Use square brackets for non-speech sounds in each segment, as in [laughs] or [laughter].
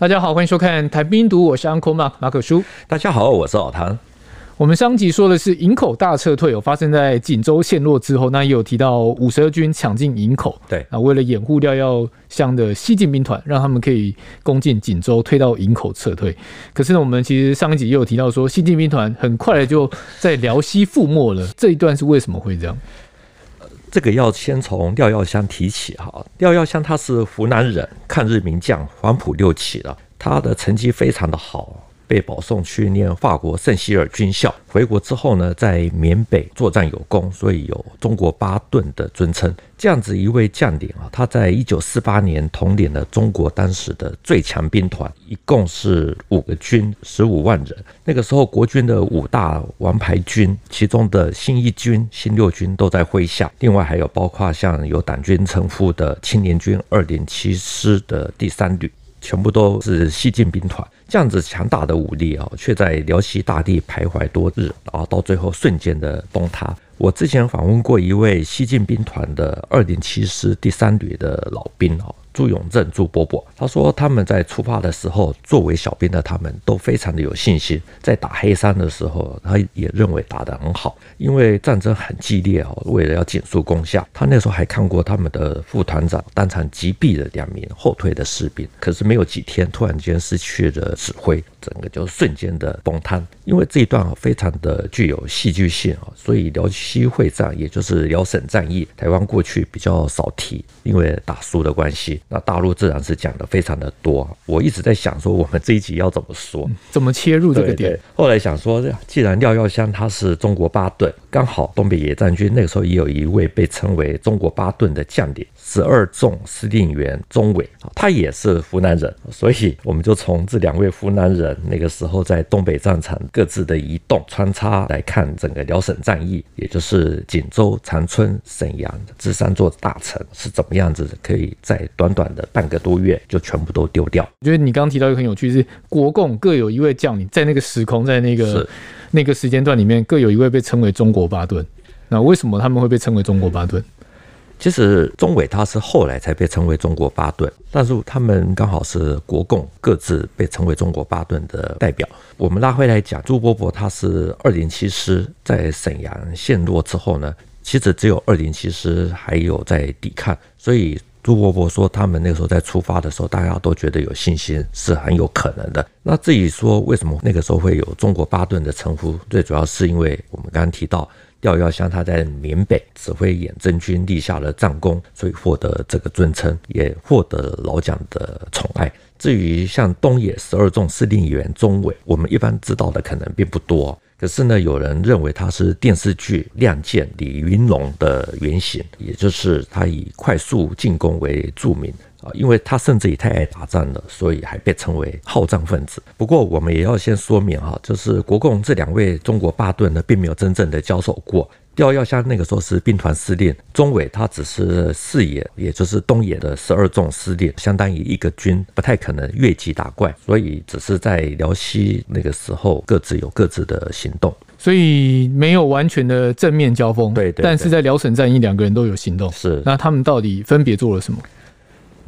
大家好，歡迎收看《譚兵讀武》，我是 Uncle Mark，馬可叔。大家好，我是老譚。我們上集說的是營口大撤退，有、哦、發生在錦州陷落之後，那也有提到五十二軍搶進營口，對，啊，為了掩護廖耀湘的西進兵團，讓他們可以攻進錦州，退到營口撤退。可是呢，我們其實上一集也有提到說，西進兵團很快就在遼西覆沒了，這一段是為什麼會這樣？這個要先從廖耀湘提起哈，廖耀湘他是湖南人，抗日名將，黃埔六期的，他的成績非常的好。被保送去念法國聖西爾軍校，回國之後呢，在緬北作戰有功，所以有“中國巴頓”的尊稱。這樣子一位將領啊，他在一九四八年統領了中國當時的最強兵團，一共是五個軍，十五萬人。那個時候國軍的五大王牌軍，其中的新一軍、新六軍都在麾下，另外還有包括像有黨軍稱呼的青年軍二零七師的第三旅。全部都是西進兵團這樣子強大的武力啊，卻在遼西大地徘徊多日啊，然後到最後瞬間的崩塌。我之前訪問過一位西進兵團的二零七師第三旅的老兵啊。朱永正、朱伯伯，他說他們在出發的時候，作為小兵的他們都非常的有信心。在打黑山的時候，他也認為打得很好，因為戰爭很激烈哦。為了要盡速攻下，他那時候還看過他們的副團長當場擊斃了兩名後退的士兵。可是沒有幾天，突然間失去了指揮，整個就瞬間的崩塌。因為這一段啊，非常的具有戲劇性啊，所以遼西會戰，也就是遼沈戰役，台灣過去比較少提，因為打輸的關係。那大陸自然是講的非常的多，我一直在想說我們這一集要怎麼說，怎麼切入這個點。後來想說，既然廖耀湘他是中國巴頓，剛好東北野戰軍那個時候也有一位被稱為中國巴頓的將領，十二縱司令員鍾偉，他也是湖南人，所以我們就從這兩位湖南人那個時候在東北戰場各自的移動穿插來看整個遼沈戰役，也就是錦州、長春、沈陽這三座大城是怎麼樣子的，可以在短短的半個多月就全部都丟掉。我覺得你剛剛提到一個很有趣是，是國共各有一位將領在那個時空，在那個那個時間段裡面，各有一位被稱為中國巴頓。那為什麼他們會被稱為中國巴頓？其實鍾偉他是後來才被稱為中國巴頓，但是他們剛好是國共各自被稱為中國巴頓的代表。我們拉回來講，朱伯伯他是二零七師在瀋陽陷落之後呢，其實只有二零七師還有在抵抗，所以朱伯伯說，他們那個時候在出發的時候，大家都覺得有信心，是很有可能的。那至於說為什麼那個時候會有“中國巴頓”的稱呼，最主要是因為我們剛剛提到，廖耀湘他在緬北指揮遠征軍立下了戰功，所以獲得這個尊稱，也獲得老蔣的寵愛。至於像東野十二縱司令員鍾偉，我們一般知道的可能並不多哦。可是呢，有人認為他是電視劇《亮劍》李雲龍的原型，也就是他以快速進攻為著名啊，因為他甚至也太愛打仗了，所以還被稱為好戰分子。不過，我們也要先說明哈，就是國共這兩位中國巴頓呢，並沒有真正的交手過。廖耀湘那個時候是兵團司令，鍾偉他只是四野，也就是東野的十二縱司令，相當於一個軍，不太可能越級打怪，所以只是在遼西那個時候各自有各自的行動，所以沒有完全的正面交鋒。對,對，但是在遼沈戰役，兩個人都有行動。是，那他們到底分別做了什麼？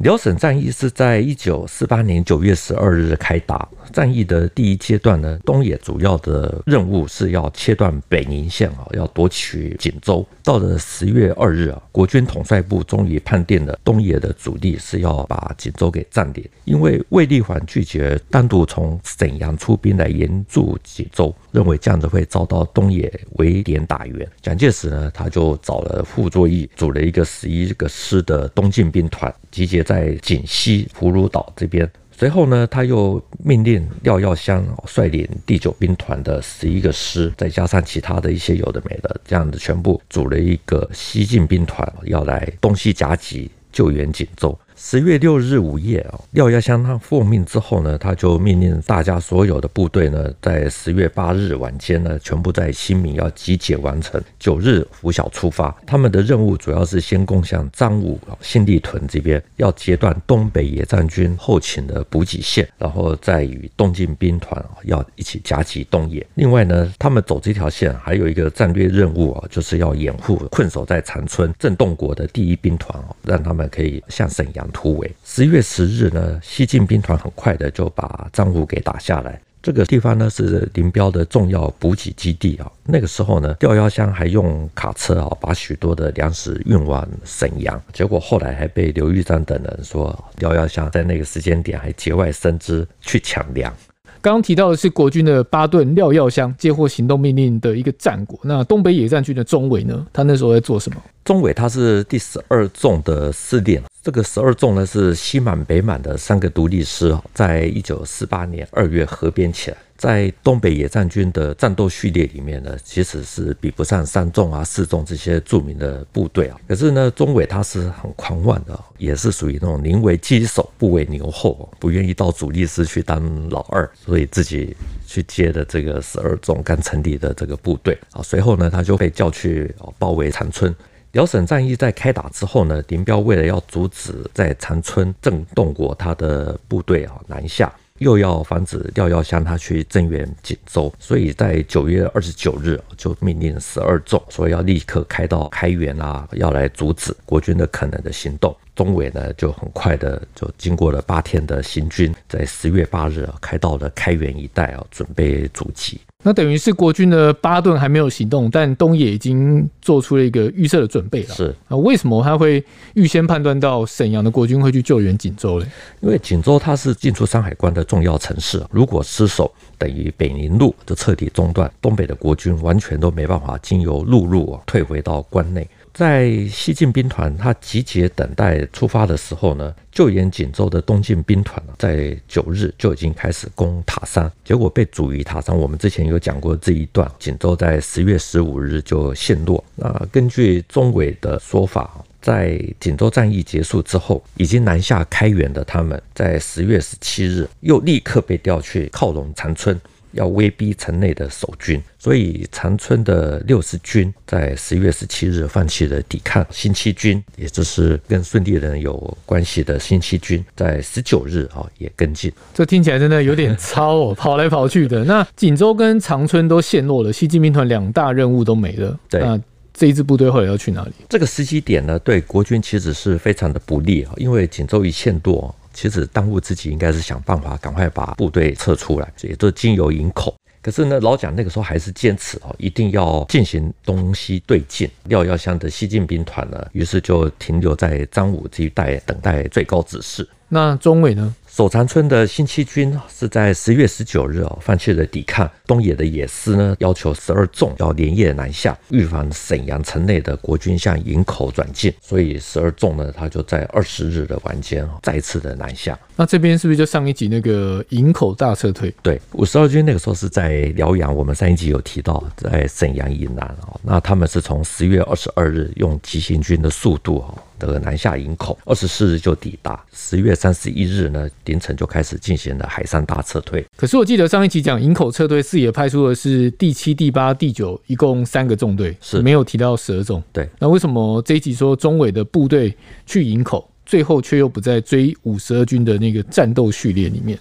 遼瀋戰役是在一九四八年九月十二日開打。戰役的第一階段呢，東野主要的任務是要切斷北寧線啊，要奪取錦州。到了十月二日啊，國軍統帥部終於判定了東野的主力是要把錦州給佔領。因為衛立煌拒絕單獨從瀋陽出兵來援助錦州，認為這樣子會遭到東野圍點打援。蔣介石呢，他就找了傅作義，組了一個十一個師的東進兵團。集結在錦西葫蘆島這邊，隨後呢，他又命令廖耀湘率領第九兵團的十一個師，再加上其他的一些有的沒的，這樣子全部組了一個西進兵團，要來東西夾擊救援錦州。十月六日午夜哦，廖耀湘他奉命之後呢，他就命令大家所有的部隊呢，在十月八日晚間呢，全部在新民要集結完成。九日拂曉出發，他們的任務主要是先攻向彰武、新立屯這邊，要截斷東北野戰軍後勤的補給線，然後再與東進兵團要一起夾擊東野。另外呢，他們走這條線還有一個戰略任務啊，就是要掩護困守在長春鄭洞國的第一兵團哦，讓他們可以向瀋陽。突圍。十月十日呢，西進兵團很快的就把彰武給打下來。這個地方呢是林彪的重要補給基地啊、哦。那個時候呢，廖耀湘還用卡車啊、哦、把許多的糧食運往沈陽。結果後來還被劉玉章等人說，廖耀湘在那個時間點還節外生枝去搶糧。剛剛提到的是國軍的巴頓，廖耀湘接獲行動命令的一個戰果。那東北野戰軍的鍾偉呢？他那時候在做什麼？鍾偉他是第十二縱的司令。這個十二縱呢，是西滿、北滿的三個獨立師哦，在一九四八年二月合編起來。在東北野戰軍的戰鬥序列裡面呢，其實是比不上三縱啊、四縱這些著名的部隊啊。可是呢，鍾偉他是很狂妄的，也是屬於那種寧為雞首不為牛後，不願意到主力師去當老二，所以自己去接的這個十二縱剛成立的這個部隊啊。隨後呢，他就被叫去包圍長春。遼瀋戰役在開打之後呢，林彪為了要阻止在長春震動過他的部隊啊南下。又要防止廖耀湘他去增援錦州，所以在九月二十九日就命令十二縱，所以要立刻開到開原啊，要來阻止國軍的可能的行動。鍾偉呢就很快的就經過了八天的行軍，在十月八日開到了開原一帶啊，準備阻擊。那等於是國軍的巴頓還沒有行動，但東野已經做出了一個預設的準備了。是啊，為什麼他會預先判斷到瀋陽的國軍會去救援錦州呢？因為錦州它是進出山海關的重要城市，如果失守，等於北寧路就徹底中斷，東北的國軍完全都沒辦法經由陸路退回到關內。在西進兵團他集結等待出發的時候呢，救援錦州的東進兵團在九日就已經開始攻塔山，結果被阻於塔山。我們之前有講過這一段，錦州在十月十五日就陷落。那根據鍾偉的說法，在錦州戰役結束之後，已經南下開原的他們，在十月十七日又立刻被調去靠攏長春。要威逼城內的守軍，所以長春的六十軍在十月十七日放棄了抵抗。新七軍，也就是跟孫立人有關係的新七軍，在十九日啊也跟進。這聽起來真的有點超哦，跑來跑去的。 [laughs] 那錦州跟長春都陷落了，西進兵團兩大任務都沒了。那這一支部隊後來要去哪裡？這個時機點呢，對國軍其實是非常的不利啊，因為錦州一陷落其實當務之急應該是想辦法趕快把部隊撤出來，也都經由營口。可是呢，老蔣那個時候還是堅持哦，一定要進行東西對進。廖耀湘的西進兵團呢，於是就停留在彰武這一帶等待最高指示。那中委呢？守長春的新七軍是在十月十九日哦，放棄了抵抗。東野的野司呢，要求十二縱要連夜南下，預防沈陽城內的國軍向營口轉進。所以十二縱呢，他就在二十日的晚間再次的南下。那這邊是不是就上一集那個營口大撤退？對，五十二軍那個時候是在遼陽，我們上一集有提到，在沈陽以南哦。那他們是從十月二十二日用急行軍的速度哦。得南下營口，二十四日就抵達。十月三十一日呢，凌晨就開始進行了海上大撤退。可是我記得上一期講營口撤退，四野派出的是第七、第八、第九，一共三個縱隊，是沒有提到十二縱。對，那為什麼這一集說鍾偉的部隊去營口，最後卻又不在追五十二軍的那個戰鬥序列裡面？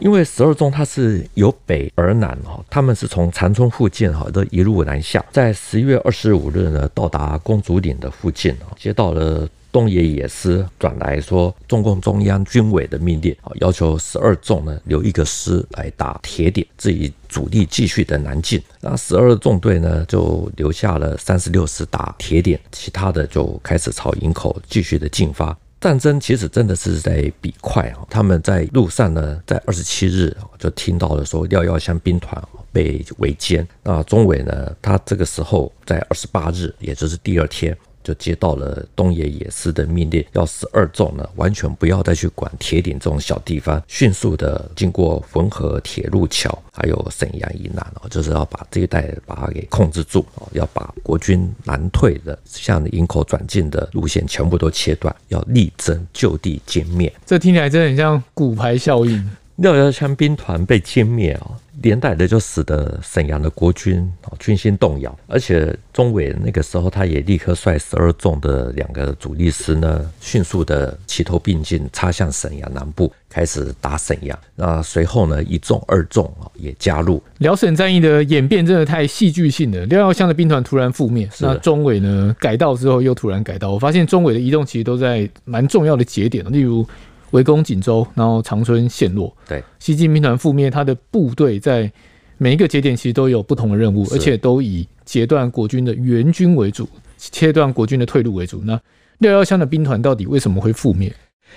因為十二縱它是由北而南哦，他們是從長春附近哈，都一路南下，在十一月二十五日呢，到達公主嶺的附近哦，接到了東野野司轉來說，中共中央軍委的命令，要求十二縱呢留一個師來打鐵點，自己主力繼續的南進。那十二縱隊呢就留下了三十六師打鐵點，其他的就開始朝營口繼續的進發。戰爭其實真的是在比快啊。他們在路上呢，在二十七日就聽到了說廖耀湘兵團被圍殲。那鍾偉呢，他這個時候在二十八日，也就是第二天，就接到了東野野司的命令，要十二縱呢，完全不要再去管鐵嶺這種小地方，迅速的經過渾河鐵路橋，還有瀋陽以南，就是要把這一帶把它給控制住，要把國軍南退的，向營口轉進的路線全部都切斷，要力爭就地殲滅。這聽起來真的很像骨牌效應，廖耀湘兵團被殲滅啊。連帶的就使得瀋陽的國軍啊、哦、軍心動搖，而且鍾偉那個時候他也立刻率十二縱的兩個主力師呢，迅速的齊頭並進，插向瀋陽南部，開始打瀋陽。那隨後呢，一縱、二縱啊也加入遼瀋戰役的演變，真的太戲劇性了。廖耀湘的兵團突然覆滅，是啊，那鍾偉呢改道之後又突然改道，我發現鍾偉的移動其實都在蠻重要的節點，例如。圍攻錦州，然後長春陷落。對，西進兵團覆滅，他的部隊在每一個節點其實都有不同的任務，而且都以截斷國軍的援軍為主，切斷國軍的退路為主。那廖耀湘的兵團到底為什麼會覆滅？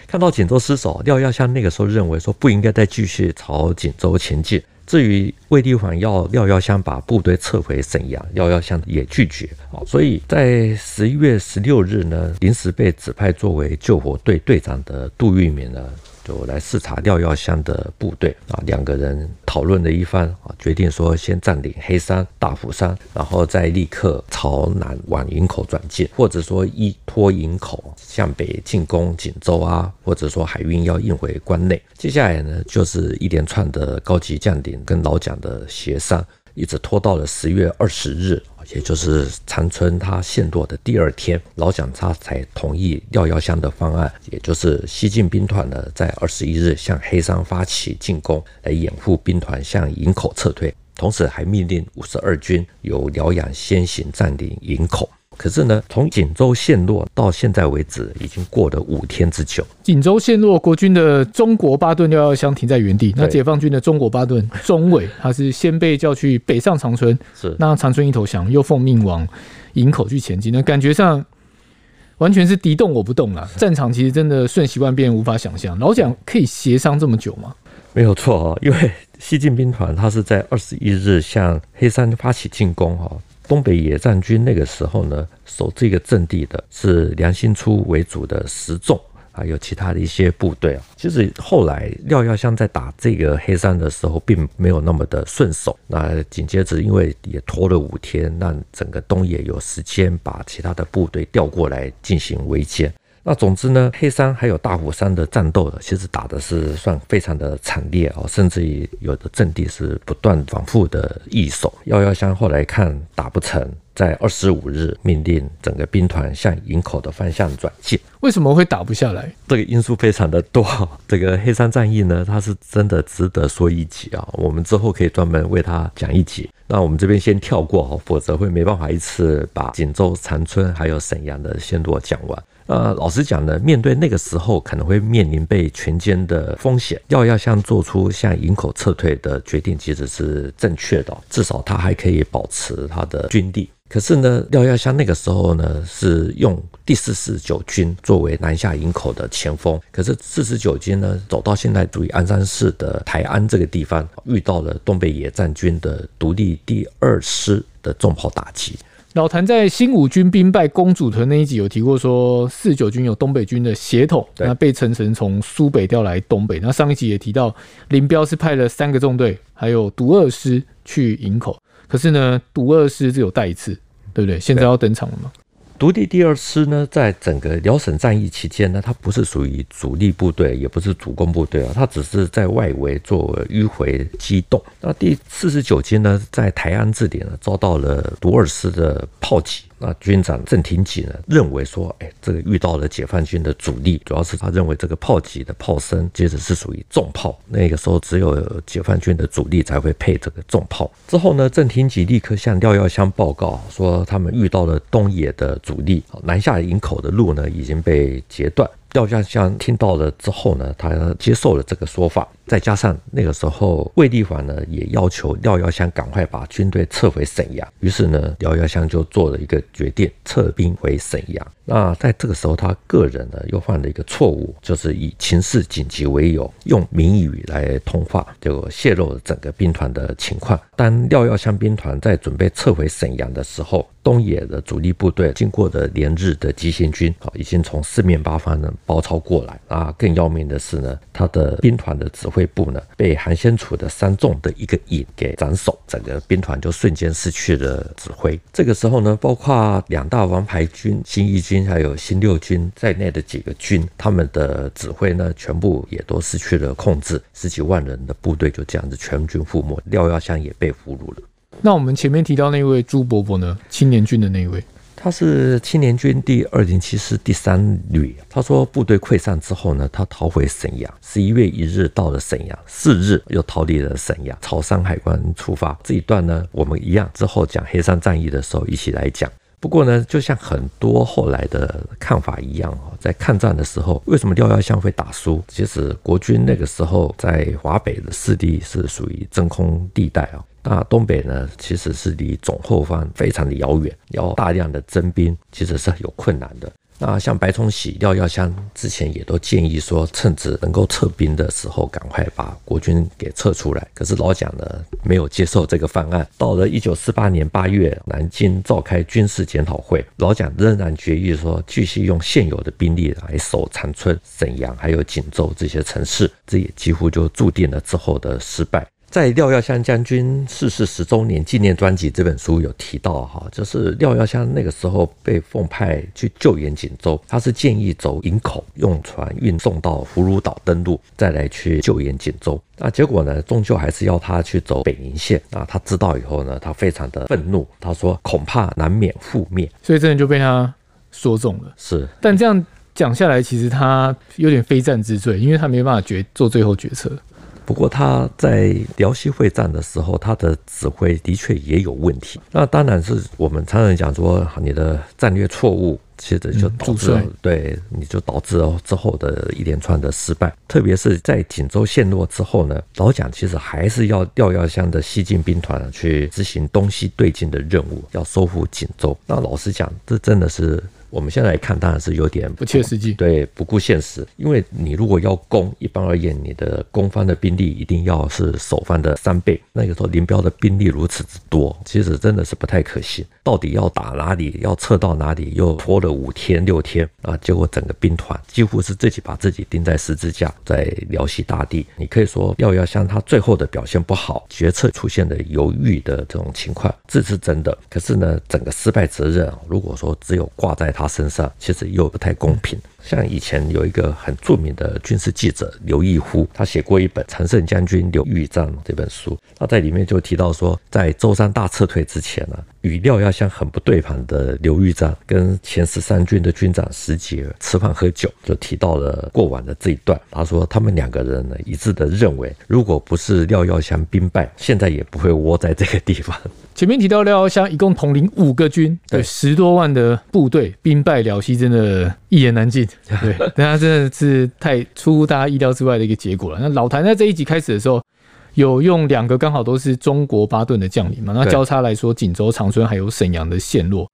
看到錦州失守，廖耀湘那個時候認為說不應該再繼續朝錦州前進。至於衛立煌，要廖耀湘把部隊撤回瀋陽，廖耀湘也拒絕。好，所以在十一月十六日呢，臨時被指派作為救火隊隊長的杜聿明呢，就來視察廖耀湘的部隊啊，兩個人討論了一番啊，決定說先占領黑山、大虎山，然後再立刻朝南往營口轉進，或者說依托營口向北進攻錦州啊，或者說海運要運回關內。接下來呢，就是一連串的高級將領跟老蔣的協商。一直拖到了十月二十日，也就是長春他陷落的第二天，老蔣他才同意廖耀湘的方案，也就是西進兵團呢，在二十一日向黑山發起進攻，來掩護兵團向營口撤退，同時還命令五十二軍由遼陽先行占領營口。可是呢，從錦州陷落到現在為止，已經過了五天之久。錦州陷落，國軍的中國巴頓廖耀湘停在原地。那解放軍的中國巴頓鍾偉，他是先被叫去北上長春， [laughs] 是那長春一投降，又奉命往營口去前進。那感覺上完全是敵動我不動了。戰場其實真的瞬息萬變，無法想象。老蔣可以協商這麼久嗎？沒有錯哦，因為西進兵團他是在二十一日向黑山发起進攻東北野戰軍那個時候呢，守這個陣地的是梁興初為主的十縱，還有其他的一些部隊啊。其實後來廖耀湘在打這個黑山的時候，並沒有那麼的順手。那緊接着，因為也拖了五天，讓整個東野有時間把其他的部隊調過來進行圍殲。那總之呢，黑山還有大虎山的戰鬥呢，其實打的是算非常的慘烈哦，甚至於有的陣地是不斷反覆的易手。廖耀湘後來看打不成，在二十五日命令整個兵團向營口的方向轉進。為什麼會打不下來？這個因素非常的多。這個黑山戰役呢，它是真的值得說一集啊、哦，我們之後可以專門為它講一集。那我們這邊先跳過哦，否則會沒辦法一次把錦州、長春還有瀋陽的線路講完。呃，老實講呢，面對那個時候可能會面臨被全殲的風險，廖耀湘做出向營口撤退的決定其實是正確的，至少他還可以保持他的軍力。可是呢，廖耀湘那個時候呢是用第四十九軍作為南下營口的前鋒，可是四十九軍呢走到現在屬於鞍山市的台安這個地方，遇到了東北野戰軍的獨立第二師的重炮打擊。老譚在新五軍兵敗公主屯那一集有提過，說四九軍有東北軍的血統，那被陳誠從蘇北調來東北。那上一集也提到，林彪是派了三個縱隊，還有獨二師去營口。可是呢，獨二師只有帶一次，對不對？現在要登場了嗎？獨立第二師呢，在整個遼沈戰役期間呢，它不是屬於主力部隊，也不是主攻部隊啊，它只是在外圍做迂回機動。那第四十九軍呢，在台安這裡呢，遭到了獨二師的炮擊。那軍長鄭庭笈呢，認為說，哎、欸，這個遇到了解放軍的主力，主要是他認為這個炮擊的炮聲，其實是屬於重炮。那個時候，只有解放軍的主力才會配這個重炮。之後呢，鄭庭笈立刻向廖耀湘報告說，他們遇到了東野的主力，南下營口的路呢已經被截斷。廖耀湘聽到了之後呢，他接受了這個說法。再加上那個時候衛，衛立煌呢也要求廖耀湘趕快把軍隊撤回瀋陽。於是呢，廖耀湘就做了一個決定，撤兵回瀋陽。那在這個時候，他個人呢又犯了一個錯誤，就是以情勢緊急為由，用明語來通話，就洩露了整個兵團的情況。當廖耀湘兵團在準備撤回瀋陽的時候，東野的主力部隊經過的連日的急行軍啊、哦，已經從四面八方呢包抄過來啊。更要命的是呢，他的兵團的指揮。揮部呢被韓先楚的三縱的一個營給斬首，整個兵團就瞬間失去了指揮。這個時候呢，包括兩大王牌軍新一軍還有新六軍在內的幾個軍，他們的指揮呢全部也都失去了控制，十幾萬人的部隊就這樣子全軍覆沒，廖耀湘也被俘虜了。那我們前面提到那位朱伯伯呢，青年軍的那一位。他是青年軍第二零七師第三旅。他說部隊潰散之後呢，他逃回瀋陽。十一月一日到了瀋陽，四日又逃離了瀋陽，朝山海關出發。這一段呢，我們一樣之後講黑山戰役的時候一起來講。不過呢，就像很多後來的看法一樣啊，在抗戰的時候，為什麼廖耀湘會打輸？其實國軍那個時候在華北的勢力是屬於真空地帶啊。那東北呢，其實是離總後方非常的遙遠，要大量的徵兵，其實是很有困難的。那像白崇禧、廖耀湘之前也都建議說，趁着能夠撤兵的時候，趕快把國軍給撤出來。可是老蔣呢，沒有接受這個方案。到了一九四八年八月，南京召開軍事檢討會，老蔣仍然決議說，繼續用現有的兵力來守長春、沈陽還有錦州這些城市，這也幾乎就注定了之後的失敗。在廖耀湘將軍逝世十週年紀念專輯這本書有提到哈，就是廖耀湘那個時候被奉派去救援錦州，他是建議走營口，用船運送到葫蘆島登陸，再來去救援錦州。那結果呢，終究還是要他去走北寧線啊。他知道以後呢，他非常的憤怒，他說恐怕難免覆滅，所以這人就被他說中了。是，但這樣講下來，其實他有點非戰之罪，因為他沒有辦法決做最後決策。不過他在遼西會戰的時候，他的指揮的確也有問題。那當然是我們常常講說，你的戰略錯誤，其實就導致對你就導致之後的一連串的失敗。特別是在錦州陷落之後呢，老蔣其實還是要調耀湘的西進兵團去執行東西對進的任務，要收復錦州。那老實講，這真的是。我們現在來看，當然是有點不切實際，對，不顧現實。因為你如果要攻，一般而言，你的攻方的兵力一定要是守方的三倍。那個時候，林彪的兵力如此之多，其實真的是不太可信。到底要打哪裡？要撤到哪裡？又拖了五天六天啊！結果整個兵團幾乎是自己把自己釘在十字架，在遼西大地。你可以說廖耀湘最後的表現不好，決策出現了猶豫的這種情況，這是真的。可是呢，整個失敗責任，如果說只有掛在他。他身上其實又不太公平。像以前有一個很著名的軍事記者劉毅夫，他寫過一本《常勝將軍劉玉章》這本書，他在裡面就提到說，在舟山大撤退之前呢、啊。與廖耀湘很不對盤的劉玉章跟前十三軍的軍長石杰吃飯喝酒，就提到了過往的這一段。他說他們兩個人呢一致的認為，如果不是廖耀湘兵敗，現在也不會窩在這個地方。前面提到廖耀湘一共統領五個軍，對十多萬的部隊，兵敗遼西真的，一言難盡。對，那 [laughs] 真的是太出乎大家意料之外的一個結果了。那老譚在這一集開始的時候。有用兩個剛好都是中國巴頓的將領嘛？那交叉來說，錦州、長春還有沈陽的陷落，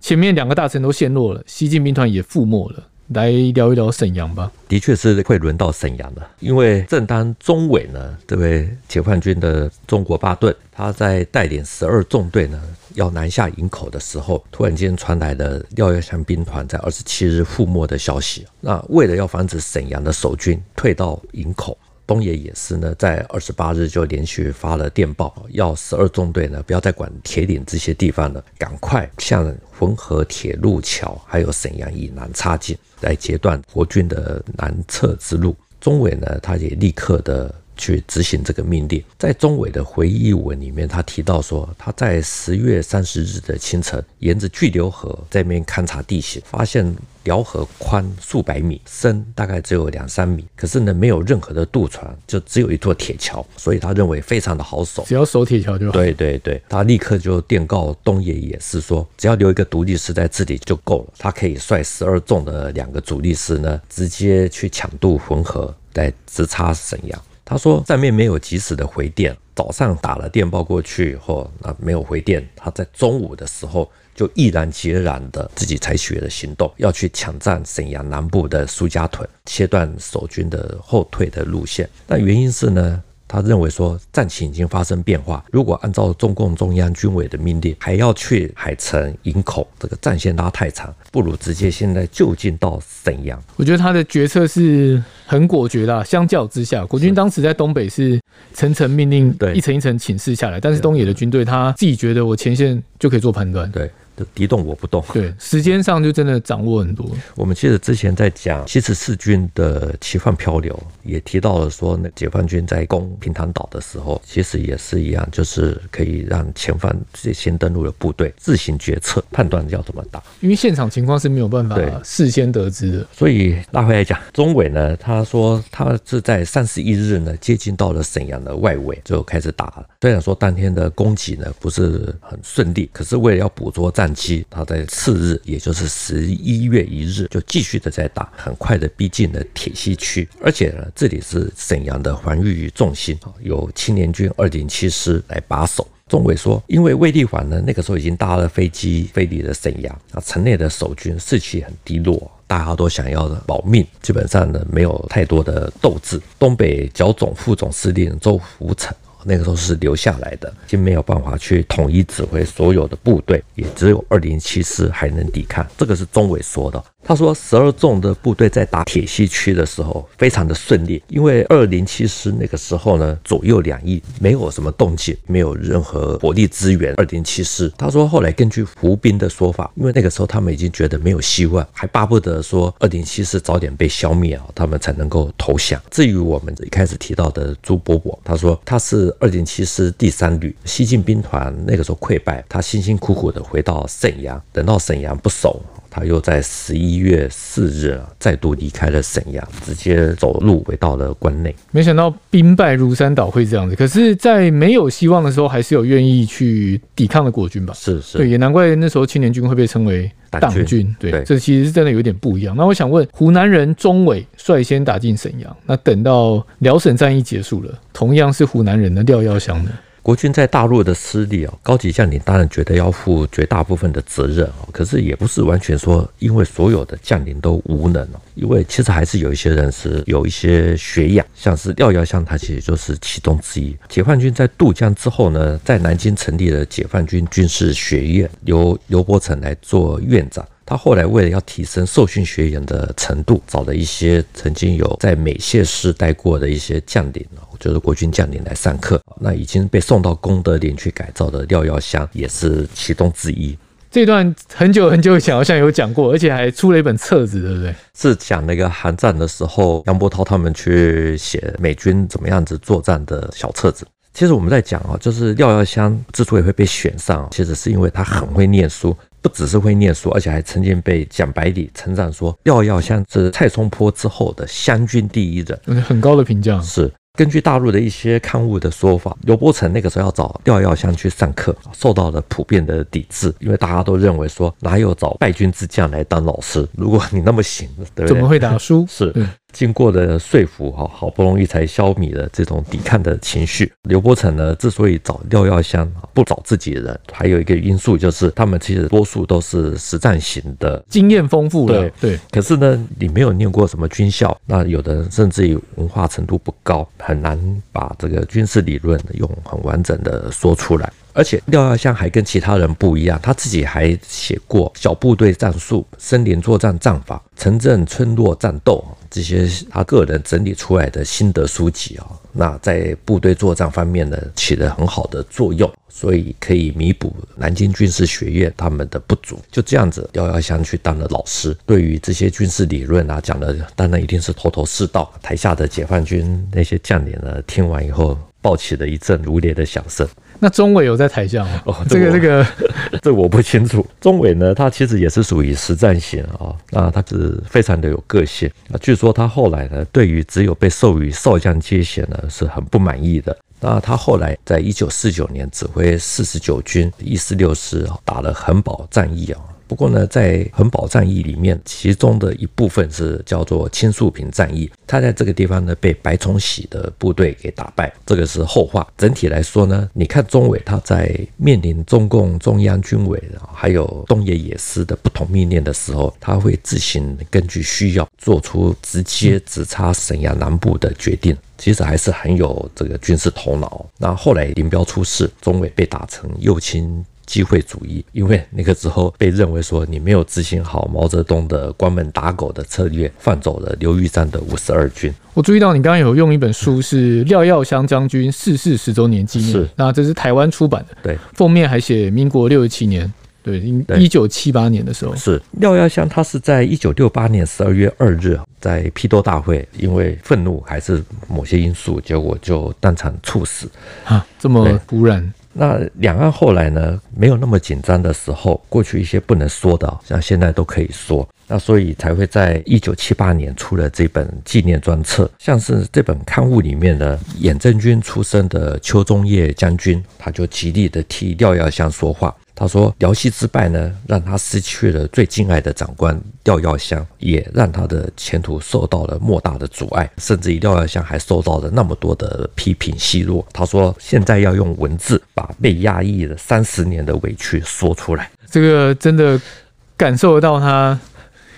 前面兩個大城都陷落了，西進兵團也覆沒了。來聊一聊沈陽吧。的確是會輪到沈陽的，因為正當鍾偉呢這位解放軍的中國巴頓，他在帶領十二縱隊呢要南下營口的時候，突然間傳來了廖耀湘兵團在二十七日覆沒的消息。那為了要防止沈陽的守軍退到營口。東野野司呢，在二十八日就連續發了電報，要十二縱隊呢不要再管鐵嶺這些地方了，趕快向渾河鐵路橋還有瀋陽以南插進，來截斷國軍的南撤之路。鍾偉呢，他也立刻的。去執行這個命令。在鍾偉的回憶文裡面，他提到說，他在十月三十日的清晨，沿着巨流河這邊勘察地形，發現遼河寬數百米，深大概只有兩三米。可是呢，沒有任何的渡船，就只有一座鐵橋，所以他認為非常的好守，只要守鐵橋就好。對對對，他立刻就電告東野野司說，只要留一個獨立師在這裡就夠了，他可以率十二縱的兩個主力師呢，直接去搶渡渾河，再直插沈陽。他說上面沒有及時的回電，早上打了電報過去以後，那沒有回電。他在中午的時候就毅然決然的自己採取了行動，要去搶佔瀋陽南部的蘇家屯，切斷守軍的後退的路線。那原因是呢？他認為說，戰情已經發生變化，如果按照中共中央軍委的命令，還要去海城營、營口，這個戰線拉太長，不如直接現在就近到瀋陽。我覺得他的決策是很果決的、啊。相較之下，國軍當時在東北是層層命令一層一層，對，一層一層請示下來，但是東野的軍隊，他自己覺得我前線就可以做判斷，對。敵動我不動，對，對時間上就真的掌握很多。我們其實之前在講七十四軍的奇幻漂流，也提到了說，那解放軍在攻平潭島的時候，其實也是一樣，就是可以讓前方先登陸的部隊自行決策判斷要怎麼打，因為現場情況是沒有辦法事先得知的。所以拉回來講，鍾偉呢，他說他是在三十一日呢接近到了瀋陽的外圍就開始打了。雖然說當天的攻擊呢不是很順利，可是為了要捕捉戰。機，他在次日，也就是十一月一日，就繼續的在打，很快的逼近了鐵西區，而且呢，這裡是瀋陽的防禦重心，由青年軍二零七師來把守。中委說，因為衛立煌呢，那個時候已經搭了飛機飛離了瀋陽，啊，城內的守軍士氣很低落，大家都想要保命，基本上呢，沒有太多的鬥志。東北剿總副總司令周福成。那個時候是留下來的，已經沒有辦法去統一指揮所有的部隊，也只有二零七師還能抵抗。這個是鍾偉說的。他說：“十二縱的部隊在打鐵西區的時候非常的順利，因為二零七師那個時候呢，左右兩翼沒有什麼動靜，沒有任何火力支援。二零七師，他說後來根據胡斌的說法，因為那個時候他們已經覺得沒有希望，還巴不得說二零七師早點被消滅啊、哦，他們才能夠投降。至於我們一開始提到的朱伯伯，他說他是二零七師第三旅西進兵團那個時候潰敗，他辛辛苦苦的回到瀋陽，等到瀋陽不守。”他又在十一月四日啊，再度離開了瀋陽，直接走路回到了關內。沒想到兵敗如山倒會這樣子，可是，在沒有希望的時候，還是有願意去抵抗的國軍吧？是是對，也難怪那時候青年軍會被稱為黨軍，黨軍，對。對，這其實是真的有點不一樣。那我想問，湖南人鍾偉率先打進瀋陽，那等到遼瀋戰役結束了，同樣是湖南人的廖耀湘呢？國軍在大陸的失利哦，高級將領當然覺得要負絕大部分的責任哦，可是也不是完全說因為所有的將領都無能，因為其實還是有一些人是有一些學養，像是廖耀湘，他其實就是其中之一。解放軍在渡江之後呢，在南京成立了解放軍軍事學院，由劉伯承來做院長。他後來為了要提升受訓學員的程度，找了一些曾經有在美械師待過的一些將領，就是國軍將領來上課。那已經被送到功德林去改造的廖耀湘也是其中之一。這一段很久很久以前好像有講過，而且還出了一本冊子，對不對？是講那個韓戰的時候，楊伯濤他們去寫美軍怎麼樣子作戰的小冊子。其實我們在講啊，就是廖耀湘之所以會被選上，其實是因為他很會念書。不只是會念書，而且還曾經被蔣百里稱讚說：“廖耀湘是蔡松坡之後的湘軍第一人。嗯”很高的評價。是，根據大陸的一些刊物的說法，劉伯承那個時候要找廖耀湘去上課，受到了普遍的抵制，因為大家都認為說，哪有找敗軍之將來當老師？如果你那麼行對不對，怎麼會打輸？是。嗯經過的說服哈，好不容易才消弭了這種抵抗的情緒。劉伯承呢，之所以找廖耀湘不找自己的人，還有一個因素就是他們其實多數都是實戰型的，經驗豐富的對。對對。可是呢，你沒有念過什麼軍校，那有的人甚至於文化程度不高，很難把這個軍事理論用很完整的說出來。而且廖耀湘還跟其他人不一樣，他自己還寫過《小部隊戰術》《森林作戰戰法》《城鎮村落戰鬥》。這些他個人整理出來的心得書籍啊、哦，那在部隊作戰方面呢，起了很好的作用，所以可以彌補南京軍事學院他們的不足。就這樣子，廖耀湘去當了老師，對於這些軍事理論啊講的，當然一定是頭頭是道。台下的解放軍那些將領呢，聽完以後。爆起了一陣如雷的響聲。那鍾偉有在台下嗎？哦，這個、這個、 [laughs] 這我不清楚。鍾偉呢，他其實也是屬於實戰型啊、哦，那他是非常的有個性。那據說他後來呢，對於只有被授予少將階銜呢，是很不滿意的。那他後來在一九四九年指揮四十九軍一四六師打了衡寶戰役啊。哦不過呢，在衡寶戰役裡面，其中的一部分是叫做青樹坪戰役，他在這個地方呢被白崇禧的部隊給打敗，這個是後話。整體來說呢，你看鍾偉他在面臨中共中央軍委還有東野野司的不同命令的時候，他會自行根據需要做出直接直插瀋陽南部的決定，其實還是很有這個軍事頭腦。那後來林彪出事，鍾偉被打成右傾。機會主義，因為那個時候被認為說你沒有執行好毛澤東的關門打狗的策略，放走了劉玉章的五十二軍。我注意到你剛剛有用一本書是，是廖耀湘將軍逝世十周年紀念，那這是台灣出版的，對，封面還寫民國六十七年，對，一九七八年的時候，是廖耀湘他是在一九六八年十二月二日，在批鬥大會，因為憤怒還是某些因素，結果就當場猝死啊，這麼突然。那兩岸後來呢，沒有那麼緊張的時候，過去一些不能說的，像現在都可以說。那所以才會在1978年出了這本紀念專冊，像是這本刊物裡面的遠征軍出身的邱中業將軍，他就極力的替廖耀湘說話。他說：“遼西之敗呢，讓他失去了最敬愛的長官廖耀湘，也讓他的前途受到了莫大的阻礙，甚至於廖耀湘還受到了那麼多的批評奚落。”他說：“現在要用文字把被壓抑了三十年的委屈說出來。”這個真的感受得到他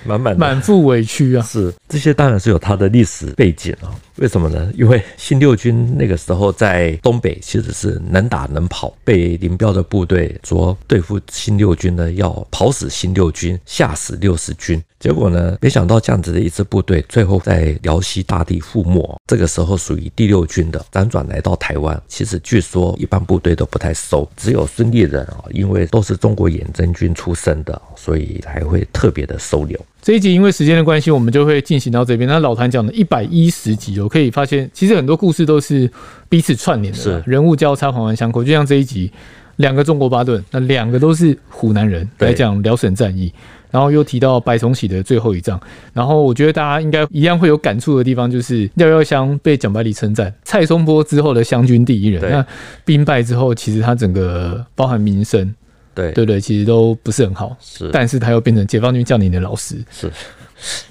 滿滿滿腹委屈啊！滿滿的，是這些當然是有他的歷史背景啊、哦。為什麼呢？因為新六軍那個時候在東北其實是能打能跑，被林彪的部隊說對付新六軍呢，要跑死新六軍，嚇死六十軍。結果呢，沒想到這樣子的一支部隊，最後在遼西大地覆沒。這個時候屬於第六軍的，輾轉來到台灣，其實據說一般部隊都不太收，只有孫立人啊，因為都是中國遠征軍出身的，所以才會特別的收留。這一集因為時間的關係，我們就會進行到這邊。那老譚講的一百一十集，我可以發現，其實很多故事都是彼此串聯的是，人物交叉環環相扣。就像這一集，兩個中國巴頓，那兩個都是湖南人來講遼瀋戰役，然後又提到白崇禧的最後一仗。然後我覺得大家應該一樣會有感觸的地方，就是廖耀湘被蔣百里稱讚，蔡松坡之後的湘軍第一人。那兵敗之後，其實他整個包含民生，對對對，其實都不是很好，是，但是他又變成解放軍將領的老師，是，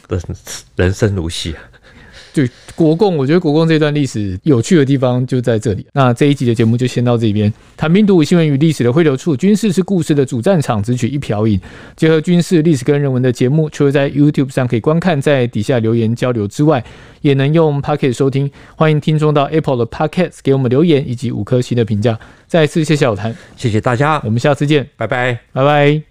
人，人生如戲啊。對國共，我覺得國共這段歷史有趣的地方就在這裡。那這一集的節目就先到這邊，譚兵讀武，新聞與歷史的匯流處，軍事是故事的主戰場，只取一瓢飲。結合軍事、歷史跟人文的節目，除了在 YouTube 上可以觀看，在底下留言交流之外，也能用 Podcast 收聽。歡迎聽眾到 Apple 的 Podcast 給我們留言以及五顆星的評價。再次謝謝老譚，謝謝大家，我們下次見，拜拜，拜拜。